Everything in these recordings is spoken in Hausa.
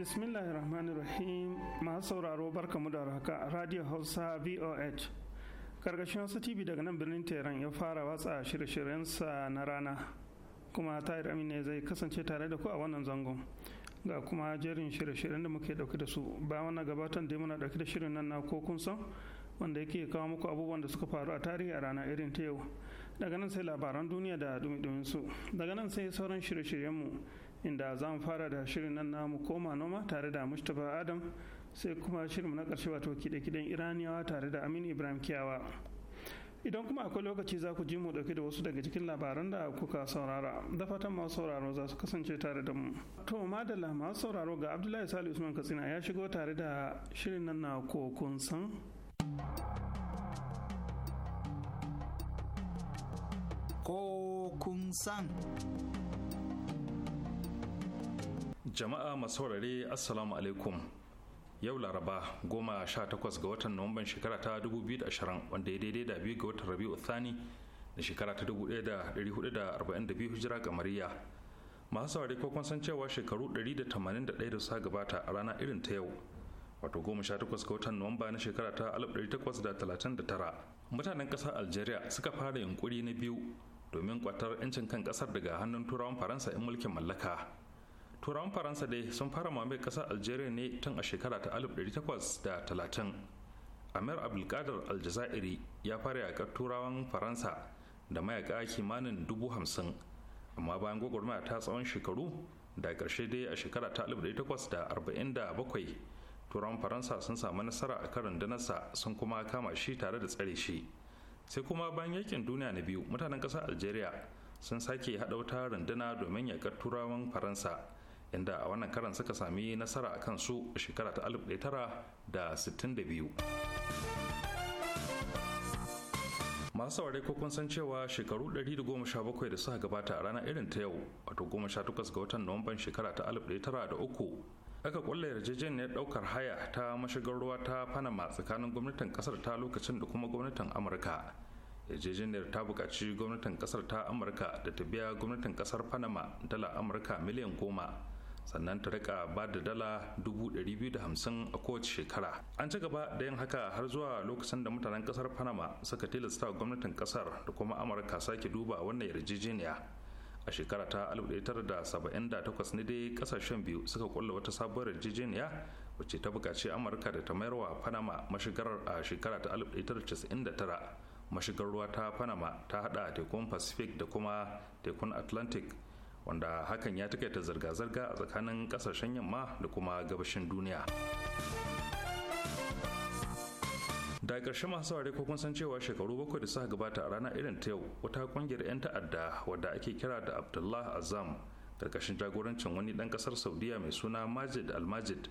bismillahirrahmanirrahim masu sauraro mu da raka radio hausa voh karkashin wasu tv daga nan birnin tehran ya fara watsa shirye-shiryensa na rana kuma tahir ne zai kasance tare da ku a wannan zangon ga kuma jerin shirye-shiryen da muke dauke da su ba wannan gabatar da muna dauke da shirin nan na ko kun san wanda yake kawo muku abubuwan da suka faru a tarihi a rana irin ta yau daga nan sai labaran duniya da dumi su daga nan sai sauran shirye shiryen mu. inda za mu fara da shirin nan namu koma noma tare da mustapha adam sai kuma shirin na ƙarshe wato kide-kiden iraniyawa tare da aminu ibrahim kiyawa idan kuma akwai lokaci za ku ji mu dauke da wasu daga cikin labaran da kuka saurara da fatan masu sauraro za su kasance tare da mu to madalla masu sauraro ga abdullahi salih usman katsina ya shigo tare da shirin nan na kokun san kokun san jama'a masu saurare assalamu alaikum yau laraba goma sha takwas ga watan nuwamban shekara ta dubu biyu da ashirin, wanda ya daidai da biyu ga watan rabi'u thani da shekara ta dubu da da da hudu arba'in biyu hijira Mariya. masu saurare ko kun san cewa shekaru 181 da ɗaya da suka gabata a rana irin ta yau wato goma sha takwas ga watan nuwamba na shekara ta alif takwas da da talatin tara. mutanen ƙasar algeria suka fara yunkuri na biyu domin kwatar 'yancin kan ƙasar daga hannun turawan faransa 'yan mulkin mallaka turawan faransa dai sun fara mamaye kasar algeria ne tun a shekara ta 1830 amir abdulkadir aljazairi ya fara yakar turawan faransa da mayaka kimanin dubu hamsin amma bayan gwagwarmaya ta tsawon shekaru da ƙarshe dai a shekara ta 1847 turawan faransa sun samu nasara a karin danarsa sun kuma kama shi tare da tsare shi sai kuma bayan yakin duniya na biyu mutanen ƙasar algeria sun sake haɗa wata rundana domin yakar turawan faransa inda a wannan karan suka sami nasara a kansu a shekara ta 1962 masu saurari ko kun san cewa shekaru 117 da suka gabata a ranar irin ta yau wato 18 ga watan nuwamban shekara ta 1903 aka kulle yarjejeniyar daukar haya ta mashigar ruwa ta panama tsakanin gwamnatin kasar ta lokacin da kuma gwamnatin amurka yarjejeniyar ta buƙaci gwamnatin kasar ta amurka da ta biya gwamnatin kasar panama dala amurka miliyan goma sannan ta rika ba da dala 250,000 a kowace shekara an ci gaba da yin haka har zuwa lokacin da mutanen kasar panama suka tilasta wa gwamnatin kasar da kuma amurka sake duba wannan yarjejeniya a shekara ta 1978 ne dai kasashen biyu suka kulla wata sabuwar yarjejeniya wacce ta bukaci amurka da ta mayar wa panama mashigarar a shekara ta 1999 mashigar ruwa ta panama ta hada tekun pacific da kuma tekun atlantic wanda hakan ya takaita zirga-zirga a tsakanin kasashen yamma da kuma gabashin duniya da ƙarshe masu saurare ko kun san cewa shekaru bakwai da suka gabata a rana irin ta yau wata ƙungiyar 'yan ta'adda wadda ake kira da abdullah azam karkashin jagorancin wani ɗan ƙasar saudiya mai suna majid almajid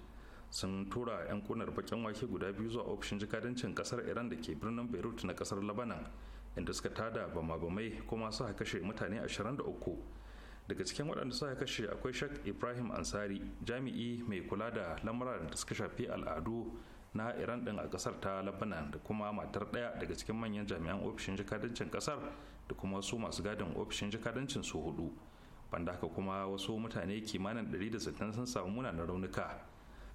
sun tura 'yan kunar bakin wake guda biyu zuwa ofishin jikadancin kasar iran da ke birnin beirut na kasar labanan inda suka tada bama-bamai kuma suka kashe mutane ashirin da uku. daga cikin waɗanda suka kashe akwai shak ibrahim ansari jami'i mai kula da lamura da suka shafi al'adu na iran din a kasar ta labanan da kuma matar ɗaya daga cikin manyan jami'an ofishin jikadancin kasar da kuma wasu masu gadin ofishin jikadancin su hudu banda haka kuma wasu mutane kimanin 160 sun samu munanan raunuka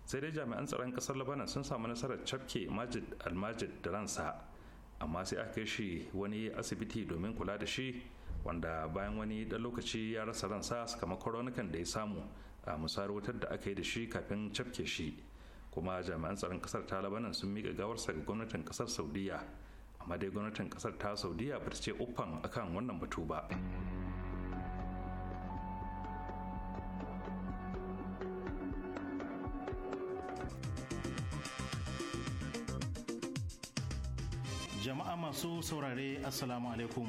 sai dai jami'an tsaron ƙasar labanan sun samu nasarar cafke majid almajid da ransa amma sai aka kai shi wani asibiti domin kula da shi wanda bayan wani ɗan lokaci ya rasa ransa sakamakon raunukan da ya samu a musayar wutar da aka yi da shi kafin cafke shi kuma jami'an tsaron kasar ta sun miƙa gawarsa ga gwamnatin kasar saudiya amma dai gwamnatin kasar ta saudiya bata ce uffan akan wannan batu ba jama'a masu saurare assalamu alaikum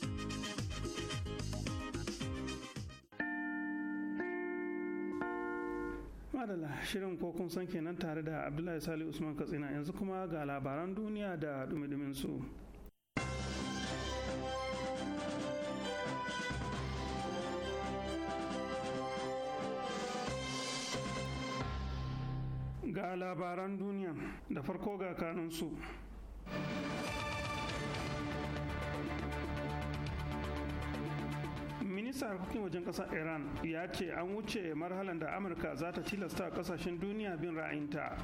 madala shirin ko kun san kenan tare da abdullahi sali usman katsina yanzu kuma ga labaran duniya da dumi su ga labaran duniya da farko ga kanunsu Misa harkokin wajen ƙasar Iran ya ce an wuce marhalan da Amurka za ta tilasta ƙasashen duniya bin ra'ayinta.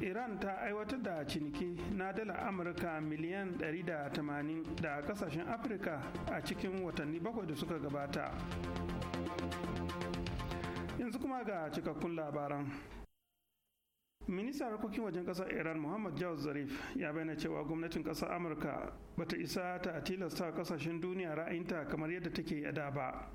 Iran ta aiwatar da ciniki na dala Amurka miliyan 180 da ƙasashen Afirka a cikin watanni bakwai da suka gabata. Yanzu kuma ga cikakkun labaran. ministan harkokin wajen kasar iran muhammad jawad zarif ya bayyana cewa gwamnatin ƙasar amurka bata isa ta tilasta ƙasashen duniya ra'ayinta kamar yadda take a ba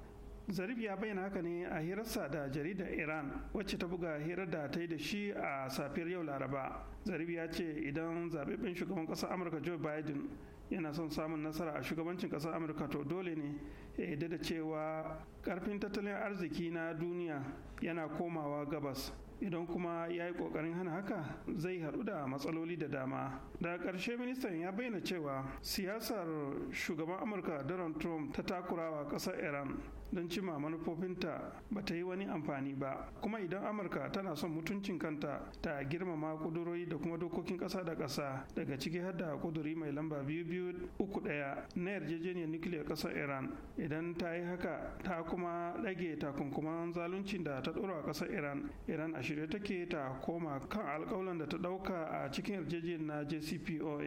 zarif ya bayyana haka ne a hirarsa da jaridar iran wacce ta buga hirar da ta yi da shi a safiyar yau laraba zarif ya ce idan zababben shugaban kasar amurka joe biden yana son samun nasara a shugabancin ƙasar amurka to dole ne ya yarda da cewa ƙarfin tattalin arziki na duniya yana komawa gabas idan kuma ya yi ƙoƙarin hana haka zai haɗu da matsaloli da dama Da ƙarshe ministan ya bayyana cewa siyasar shugaban amurka donald trump ta takurawa ƙasar iran don cimma manufofinta ba ta yi wani amfani ba kuma idan amurka tana son mutuncin kanta ta girmama kudurori da kuma dokokin ƙasa da ƙasa daga ciki har da kuduri mai lamba biyu biyu uku ɗaya na yarjejeniyar nukiliyar ƙasar iran idan ta yi haka ta kuma ɗage takunkuman zaluncin da ta ɗora a ƙasar iran iran a shirye take ta koma kan alƙawalan da ta ɗauka a cikin yarjejeniyar na jcpoa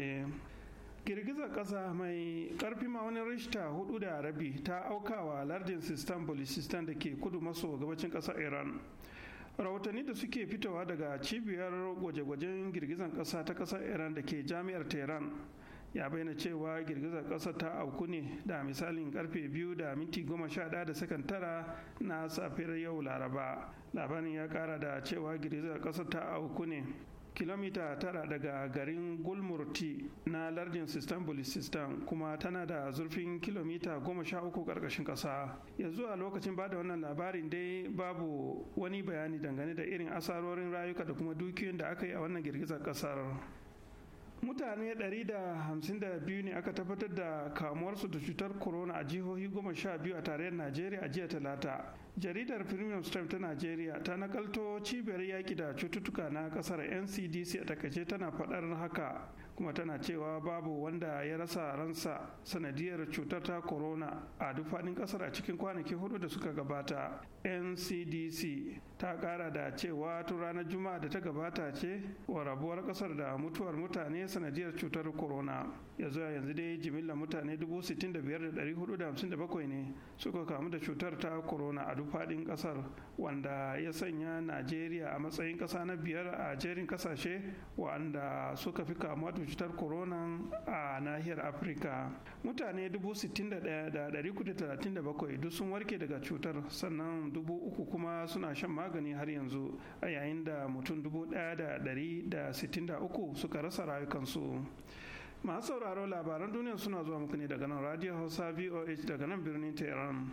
girgizar ƙasa mai ma wani rishta hudu da rabi ta auka wa lardin sistan bolisistan da ke kudu maso gabacin ƙasar iran rahotanni da suke fitowa daga cibiyar gwaje-gwajen girgizar ƙasa ta ƙasar iran da ke jami'ar tehran ya bayyana cewa girgizar ƙasa ta auku ne da misalin karfe biyu da minti goma sha daya da sakan tara na safiyar yau laraba labarin ya kara da cewa girgizar ƙasa ta auku ne kilomita tara daga garin gulmurti na lardin sistan kuma tana da zurfin kilomita goma sha uku ƙarƙashin ƙasa yanzu a lokacin ba da wannan labarin dai babu wani bayani dangane da irin asarorin rayuka da kuma dukiyoyin da aka yi a wannan girgizar ƙasar mutane 152 ne aka tabbatar da kamuwarsu da cutar corona a jihohi biyu a tarayyar najeriya a jiya talata jaridar premium stamp ta najeriya ta nakalto cibiyar yaƙi da cututtuka na ƙasar ncdc a takaice tana faɗar haka kuma tana cewa babu wanda ya rasa ransa sanadiyar cutar ta corona a duk faɗin ƙasar a cikin kwanaki hudu da suka gabata ncdc ta kara da cewa tun ranar juma'a da ta gabata ce wa rabuwar kasar da mutuwar mutane sanadiyar cutar corona ya zuwa yanzu dai jimillar mutane 65,457 ne suka kamu da cutar ta corona a duk faɗin kasar wanda ya sanya najeriya a matsayin ƙasa na biyar a jerin kasashe wanda suka fi kamuwa da cutar corona a nahiyar afirka mutane 61,437 duk sun warke daga cutar sannan 3,000 kuma suna shan magani magani har yanzu a yayin da mutum uku suka rasa rayukansu masu sauraro labaran duniya suna zuwa muku ne daga nan radio hausa voh daga nan birnin tehran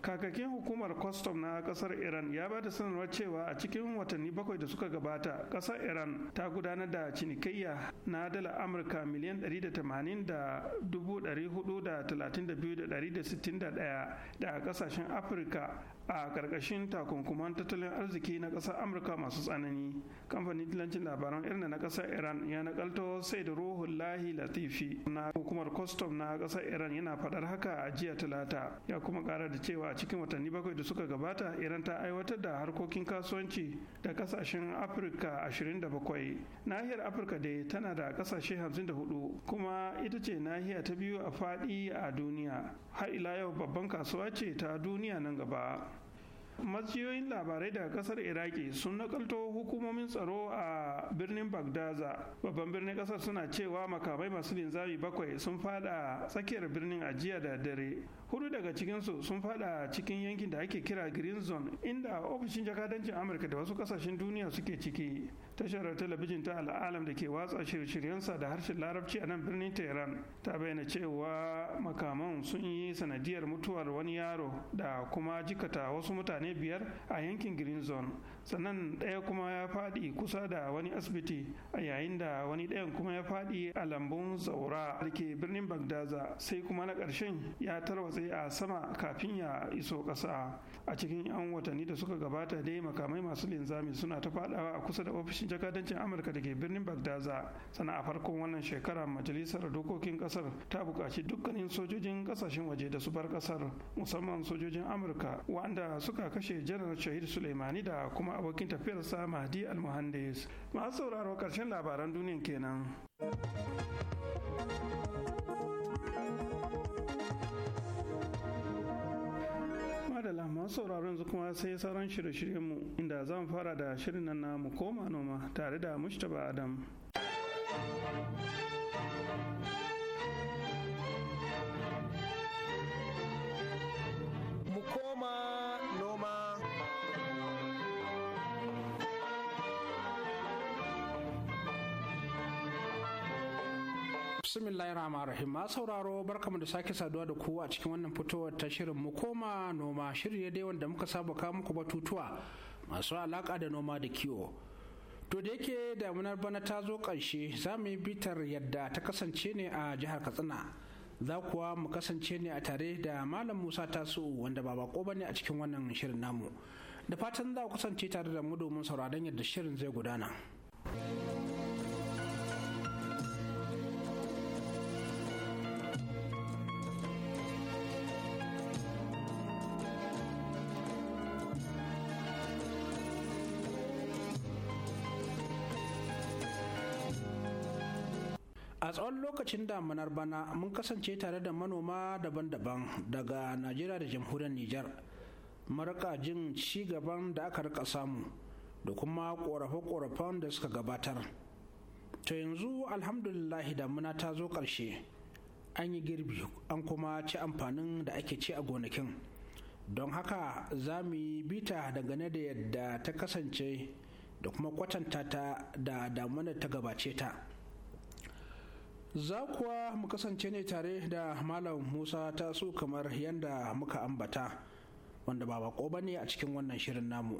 kakakin hukumar custom na kasar iran ya ba da sanarwar cewa a cikin watanni bakwai da suka gabata kasar iran ta gudanar da cinikayya na dala amurka miliyan 180,432,161 da kasashen afirka a ƙarƙashin takunkuman tattalin arziki na ƙasar amurka masu tsanani kamfanin dillancin labaran irin na ƙasar iran ya nakalto sai da lahi latifi na hukumar kwastam na ƙasar iran yana faɗar haka a jiya talata ya kuma ƙara da cewa a cikin watanni bakwai da suka gabata iran ta aiwatar da harkokin kasuwanci da ƙasashen afirka 27 nahiyar afirka dai tana da ƙasashe 54 kuma ita ce nahiya ta biyu a faɗi a duniya har ila yau babban kasuwa ce ta duniya nan gaba majiyoyin labarai daga kasar iraki sun nakalto hukumomin tsaro a birnin bagdaza babban birnin kasar suna cewa makamai masu linzami bakwai sun fada tsakiyar birnin ajiya da dare hudu daga cikinsu sun fada cikin yankin da ake kira green zone inda ofishin jakadancin amurka da wasu kasashen duniya suke ciki tashar talabijin ta al'alam da ke watsa shirye-shiryensa da harshen larabci a nan birnin tehran ta bayyana cewa makaman sun yi sanadiyar mutuwar wani yaro da kuma jikata wasu mutane biyar a yankin green zone sannan ɗaya kuma ya faɗi kusa da wani asibiti a yayin da wani ɗayan kuma ya faɗi a lambun zaura da ke birnin bagdaza sai kuma na ƙarshen ya tarwatsa sai a sama kafin ya iso ƙasa a cikin 'yan watanni da suka gabata dai makamai masu linzami suna ta fadawa a kusa da ofishin jakadancin amurka da ke birnin bagdaza sana a farkon wannan shekara majalisar dokokin ƙasar ta buƙaci dukkanin sojojin ƙasashen waje da su bar ƙasar musamman sojojin amurka wanda suka kashe janar shahid suleimani da kuma abokin tafiyarsa mahdi almuhandis masu sauraro ƙarshen labaran duniya kenan madalla masu sauraron yanzu kuma sai sauran shirye-shiryenmu inda zan fara da shirin nan na mu koma noma tare da mustapha adam Bismillahirrahmanirrahim. sauraro barkamu da sake saduwa da kowa cikin wannan fitowar ta shirin mu koma noma ya dai wanda muka saba kawo muku batutuwa masu alaka da noma da kiwo to da yake damunar bana ta zo ƙarshe za mu yi bitar yadda ta kasance ne a jihar katsina za kuwa mu kasance ne a tare da malam musa tasu wanda ba bako bane a cikin wannan shirin namu da fatan za ku kasance tare da mu domin sauraron yadda shirin zai gudana. a tsawon lokacin damunar bana mun kasance tare da manoma daban-daban daga najeriya da jamhuriyar nijar maraka jin ci gaban da aka rika samu da kuma ƙorafe korafen da suka gabatar to yanzu alhamdulillahi damuna ta zo ƙarshe an yi girbi an kuma ci amfanin da ake ci a gonakin don haka za mu yi bita dangane da yadda ta kasance da kuma kwatanta ta da damunar ta gabace ta za kuwa mu kasance ne tare da malam musa ta su kamar yadda muka ambata wanda ba bako ba ne a cikin wannan shirin namu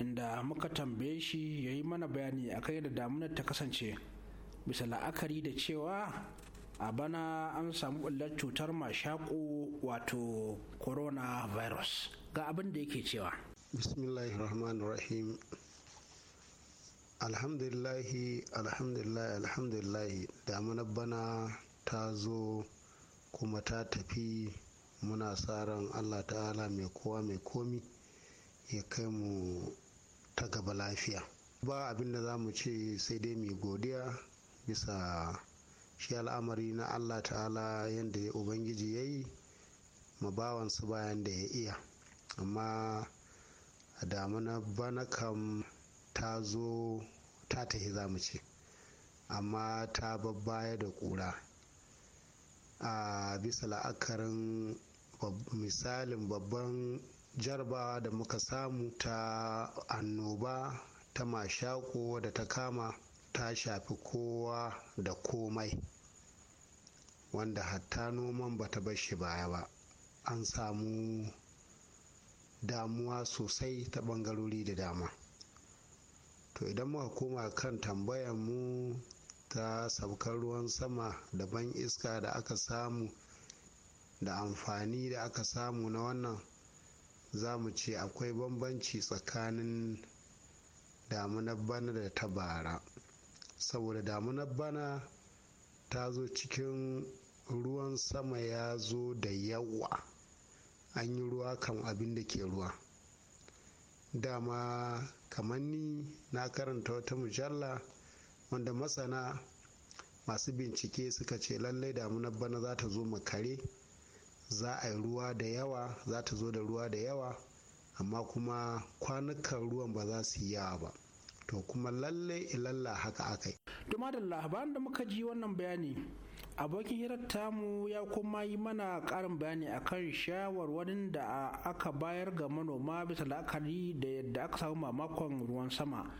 inda muka tambaye shi ya yi mana bayani akan yadda damunar ta kasance bisa la'akari da cewa a bana an samu ɓullar cutar mashaƙo wato coronavirus ga abin da yake cewa bismillahirrahmanirrahim alhamdulillahi alhamdulillahi alhamdulillahi damuna bana ta zo kuma ta tafi muna sa ran allah ta'ala mai kowa mai komi ya kai mu ta gaba lafiya ba abin da za mu ce sai dai mai godiya bisa shi al'amari na allah ta'ala yadda ya ubangiji ya yi mabawansu bayan da ya iya amma damuna bana kam ta zo ta tahi za mu ce amma ta babbaya da ƙura a bisa la'akarin misalin babban jarabawa da muka samu ta annoba ta mashako da ta kama ta shafi kowa da komai wanda hatta noman bata bar shi baya ba an samu damuwa sosai ta ɓangarori da dama to idan muka koma kan tambayar mu ta saukar ruwan sama da ban iska da aka samu da amfani da aka samu na wannan za mu ce akwai bambanci tsakanin damunar bana da ta bara saboda damunar bana ta zo cikin ruwan sama ya zo da yawa an yi ruwa kan abin da ke ruwa dama kaman ni na karanta wata mujalla wanda masana masu bincike suka ce lallai damunar bana za ta zo kare za a yi ruwa da yawa za ta zo da ruwa da yawa amma kuma kwanukan ruwan ba za su yi yawa ba to kuma lallai ilalla haka akai. yi. da bayan da muka ji wannan bayani abokin hirar tamu ya kuma yi mana karin bayani akan shawarwarin da aka bayar ga manoma bisa la'akari da yadda aka samu mamakon ruwan sama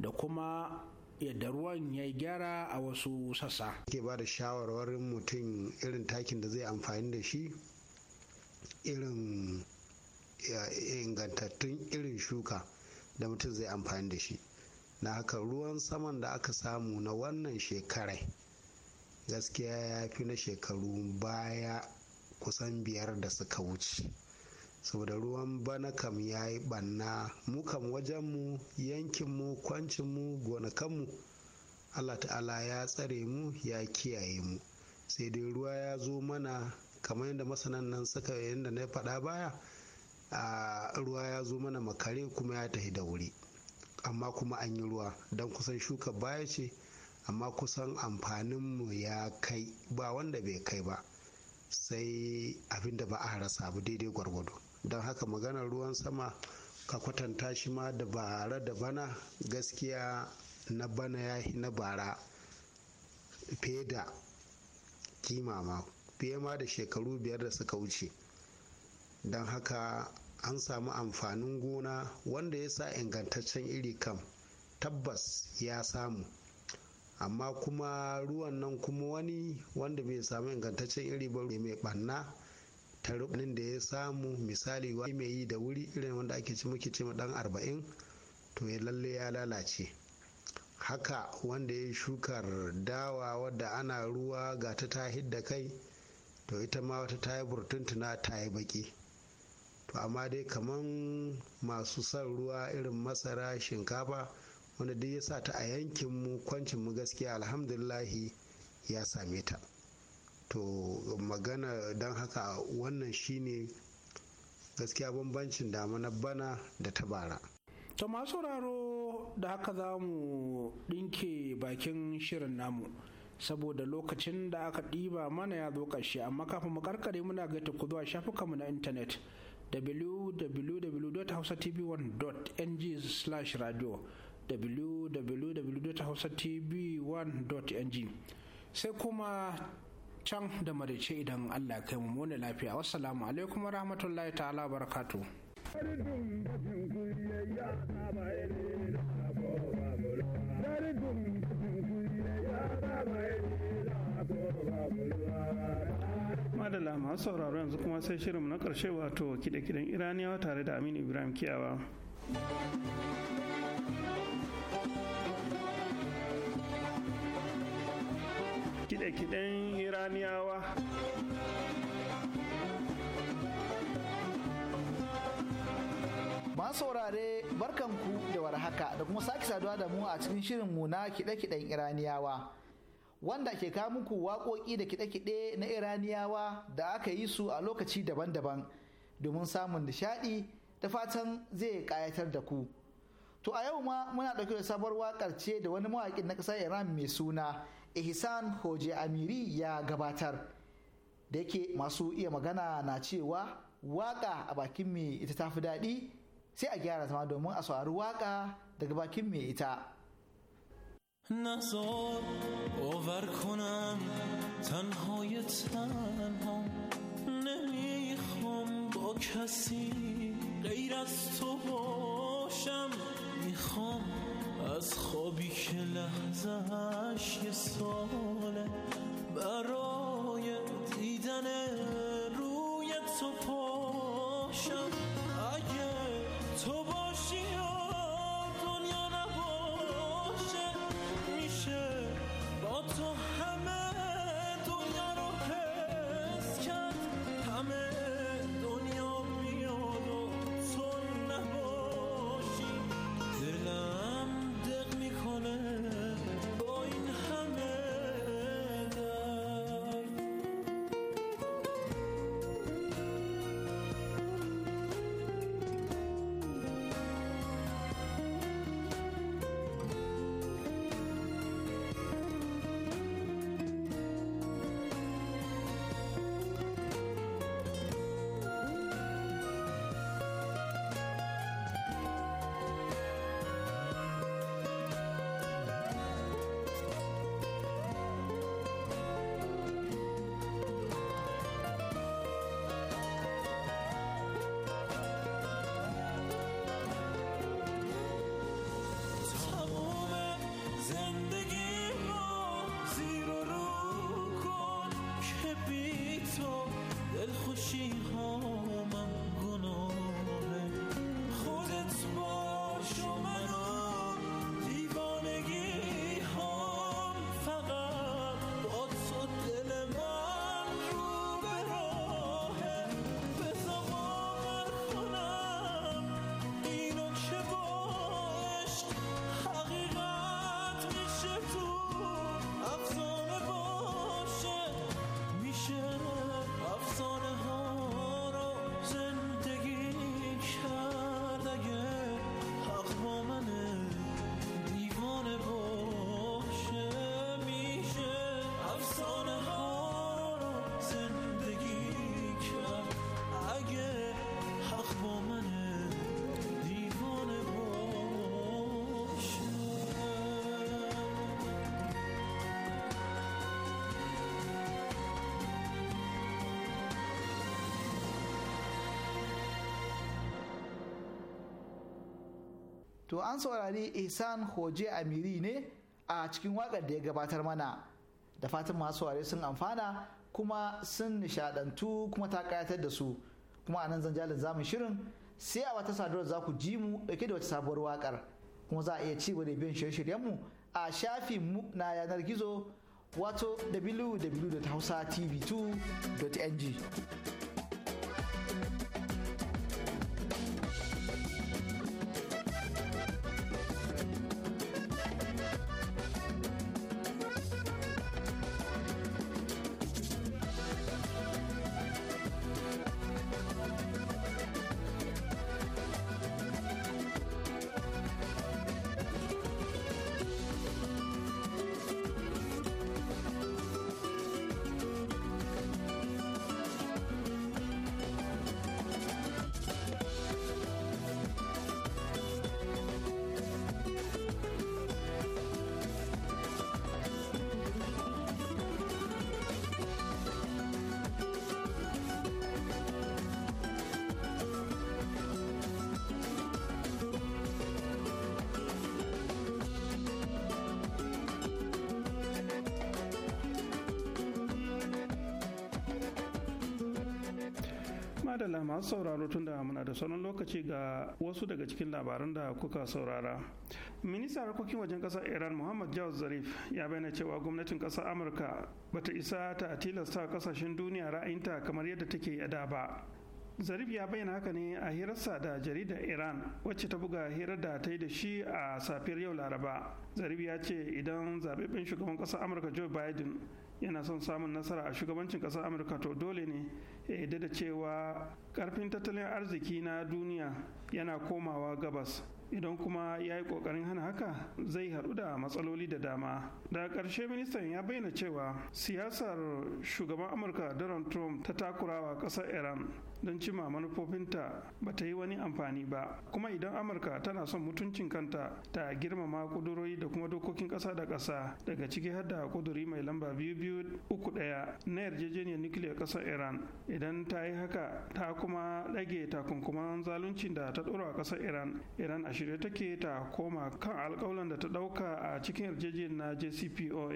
da kuma yadda ruwan ya gyara a wasu sassa. ke ba da shawarwarin mutum irin takin da zai amfani da shi irin ingantattun irin shuka da mutum zai amfani da shi na haka ruwan saman da aka samu na wannan shekarai gaskiya ya fi na shekaru baya kusan biyar da suka wuce saboda ruwan bana kam ya yi ɓanna mu kam wajenmu yankinmu kwancinmu gonakanmu allah ta'ala ya tsare mu ya kiyaye mu sai dai ruwa ya zo mana kamar yadda masanan nan suka yadda na faɗa baya a ruwa ya zo mana makare kuma ya tafi da wuri amma kuma an yi ruwa don kusan shuka baya ce amma kusan amfaninmu ya kai ba wanda bai kai ba sai abin da ba a rasa abu daidai gwargwado don haka maganar ruwan sama ka kwatanta shi ma da bara da bana gaskiya na bana ya yi na bara fiye da kima ma fiye ma da shekaru biyar da suka wuce don haka an samu amfanin gona wanda ya sa ingantaccen iri kam tabbas ya samu amma kuma ruwan nan kuma wani wanda bai samu ingantaccen iri ba mai banna ta da ya samu misali wani mai yi da wuri irin wanda ake ci muke ce dan arba'in to ya lalle ya lalace haka wanda ya shukar dawa wadda ana ruwa ga ta ta da kai to ita ma wata ta yi burtuntuna ta yi baki to amma dai kaman masu son ruwa irin masara shinkafa wanda duk ya sa ta a yankinmu mu kwancin mu gaskiya alhamdulillahi ya same ta to magana don haka wannan shine gaskiya bambancin damuna bana da ta bara to masu sauraro da haka za mu ɗinke bakin shirin namu saboda lokacin da aka ɗiba mana ya zo ƙarshe amma kafin mu karkare muna gaita ku zuwa mu na intanet www.hausatv1.ng/radio www.hausatv1.ng sai kuma can da marice idan Allah kai mu mone lafiya wassalamu alaikum rahmatullahi ta'ala barakatu madalla masu sauraro yanzu kuma sai shirin na karshe wato kide-kiden iraniyawa tare da aminu ibrahim kiyawa kiɗe-kiɗen iraniyawa Ma saurare barkanku da warhaka da kuma sake saduwa da mu a cikin shirin mu na kiɗe-kiɗen iraniyawa wanda ke kawo muku waƙoƙi da kiɗe-kiɗe na iraniyawa da aka yi su a lokaci daban-daban domin samun nishaɗi da fatan zai kayatar da ku to a yau ma muna ɗauke da sabuwar waƙar ce da wani mawaƙin na ƙasar iran mai suna ihsan hoje amiri ya gabatar da yake masu iya magana na cewa waƙa a bakin mai ita ta fi daɗi sai a gyara zama domin a saurari waƙa daga bakin mai ita نزار غیر از تو باشم میخوام از خوابی که لحظهش یه ساله برای دیدن روی تو پاشم اگه تو to an saurari ihsan hoje amiri ne a cikin waƙar da ya gabatar mana da fatan masu saurari sun amfana kuma sun nishadantu kuma ta kayatar da su kuma a nan zanjalin zamu shirin sai a wata sadarwar za ku ji mu dauke da wata sabuwar waƙar, kuma za a iya ci da biyan shirye mu, a shafin mu na yanar gizo wato www.hausatv2.ng madalla masu sauraro tunda muna da sauran lokaci ga wasu daga cikin labaran da kuka saurara minista harkokin wajen kasar iran muhammad jawaz zarif ya bayyana cewa gwamnatin kasar amurka bata isa ta tilasta kasashen duniya ra'ayinta kamar yadda take a ba zarif ya bayyana haka ne a hirarsa da jaridar iran wacce ta buga hirar da ta yi da shi a safiyar yau laraba zarif ya ce idan zaɓaɓɓen shugaban ƙasar amurka joe biden yana son samun nasara a shugabancin ƙasar amurka to dole ne ya yarda da cewa ƙarfin tattalin arziki na duniya yana komawa gabas idan kuma ya yi ƙoƙarin hana haka zai haɗu da matsaloli da dama daga ƙarshe ministan ya bayyana cewa siyasar shugaban amurka donald trump ta takurawa ƙasar iran don cima manufofinta ba ta yi wani amfani ba kuma idan amurka tana son mutuncin kanta ta girmama kudurori da kuma dokokin ƙasa da ƙasa daga ciki har da kuduri mai lamba biyu biyu uku ɗaya na yarjejeniyar nukiliyar ƙasar iran idan ta yi haka ta kuma ɗage takunkuman zaluncin da ta ɗora a ƙasar iran iran a shirye take ta koma kan alƙawalan da ta ɗauka a cikin yarjejeniyar na jcpoa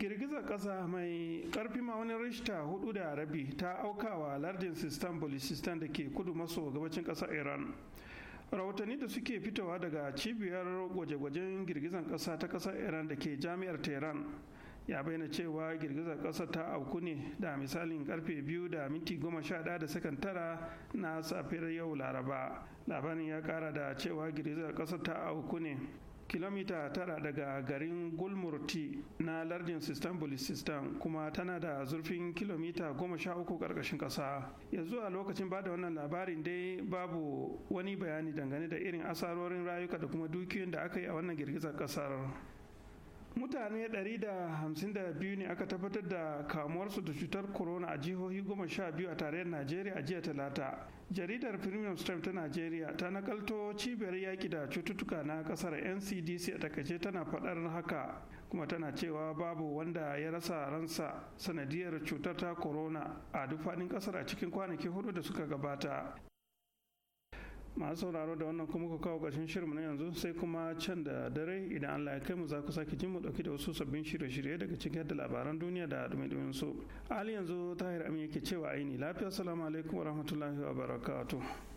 girgizar ƙasa mai ƙarfi wani rishta hudu da rabi ta auka wa lardin sistan bolisistan da ke kudu maso gabacin ƙasar iran rahotanni da suke fitowa daga cibiyar gwaje-gwajen girgizar ƙasa ta ƙasar iran da ke jami'ar tehran ya bayyana cewa girgizar ƙasa ta auku ne da misalin karfe biyu da minti goma sha ɗaya da sakan tara na safiyar yau laraba labarin ya ƙara da cewa girgizar ƙasa ta auku ne kilomita tara daga garin gulmurti na lardin sistan kuma tana da zurfin kilomita goma sha uku ƙarƙashin ƙasa yanzu a lokacin ba da wannan labarin dai babu wani bayani dangane da irin asarorin rayuka da kuma dukiyoyin da aka yi a wannan girgizar ƙasar mutane 152 ne aka tabbatar da kamuwarsu da cutar corona a jihohi goma sha biyu a tarayyar najeriya a jiya talata jaridar premium stream ta najeriya ta nakalto cibiyar yaƙi da cututtuka na ƙasar ncdc a takaice tana faɗar haka kuma tana cewa babu wanda ya rasa ransa sanadiyar cutar ta corona a duk faɗin ƙasar a cikin kwanaki hudu da suka gabata masu sauraro da wannan kuma ku kawo ƙarshen shirin na yanzu sai kuma can da dare idan Allah ya kai mu za ku sake jin mu dauki da wasu sabbin shirye-shirye daga cikin da labaran duniya da dumin su hali yanzu tahir amin yake cewa aini lafiya salamu alaikum wa rahmatullahi wa barakatuh